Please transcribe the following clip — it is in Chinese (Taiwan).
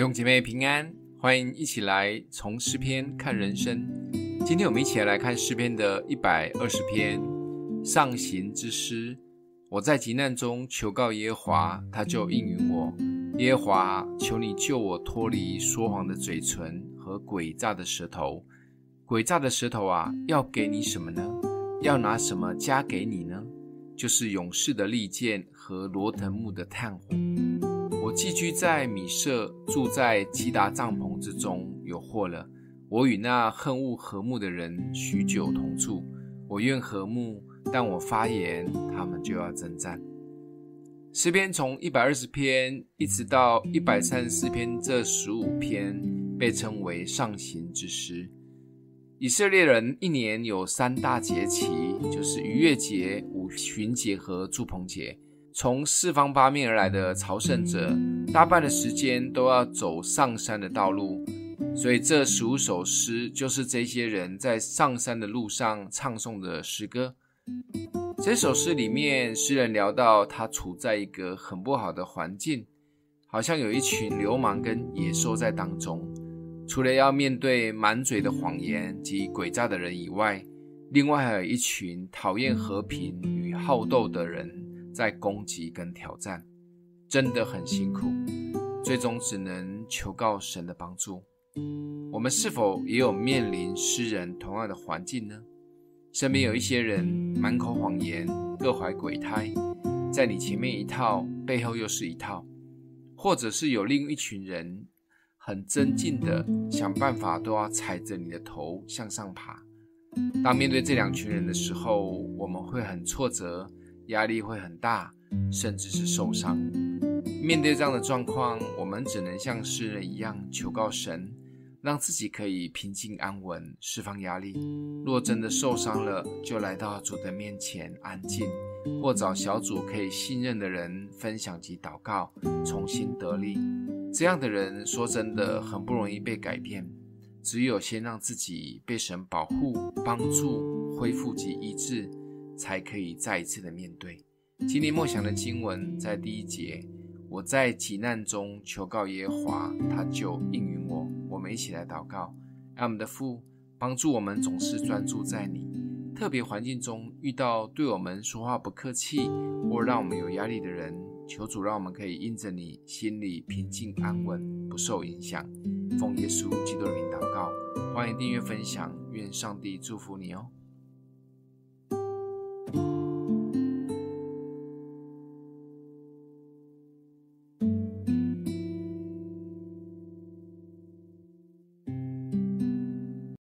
弟兄姐妹平安，歡迎一起來從詩篇看人生。今天我們一起來看詩篇的一百二十篇，上行之詩。我在急難中求告耶和華，他就應允我。耶和華，求你救我脫離說謊的嘴唇和詭詐的舌頭。詭詐的舌頭啊，要給你什麼呢？要拿什麼加給你呢？就是勇士的利箭和羅騰木的炭火。我寄居在米設，住在基達帳棚之中。有禍了！我與那恨惡和睦的人許久同住。我願和睦，但我發言，他們就要爭戰。詩篇從一百二十篇一直到一百三十四篇，這十五篇被稱為上行之詩。以色列人一年有三大節期，就是逾越節、五旬節和住棚節。從四方八面而來的朝聖者，大半的時間都要走上山的道路，所以這十五首詩就是這些人在上山的路上唱誦的詩歌。這首詩裡面，詩人聊到他處在一個很不好的環境，好像有一群流氓跟野獸在當中。除了要面對滿嘴的謊言及詭詐的人以外，另外還有一群討厭和平與好鬥的人。在攻擊跟挑戰，真的很辛苦，最終只能求告神的幫助。我們是否也有面臨詩人同樣的環境呢？身邊有一些人滿口謊言，各懷鬼胎，在你前面一套，背後又是一套，或者是有另一群人很爭競的，想辦法都要踩着你的頭向上爬。當面對這兩群人的時候，我們會很挫折。壓力會很大，甚至是受傷。面對這樣的狀況，我們只能像詩人一樣求告神，讓自己可以平靜安穩，釋放壓力。若真的受傷了，就來到主的面前安靜，或找小組可以信任的人分享及禱告，重新得力。這樣的人說真的很不容易被改變，只有先讓自己被神保護、幫助、恢復及醫治。才可以再一次的面對。今天默想的經文在第一節，我在急難中求告耶和華，他就應允我。我們一起來禱告，愛我們的父幫助我們，總是專注在你。特別環境中遇到對我們說話不客氣或讓我們有壓力的人，求主讓我們可以因着你心裡平靜安穩，不受影響。奉耶穌基督的名禱告，歡迎訂閱分享，願上帝祝福你哦。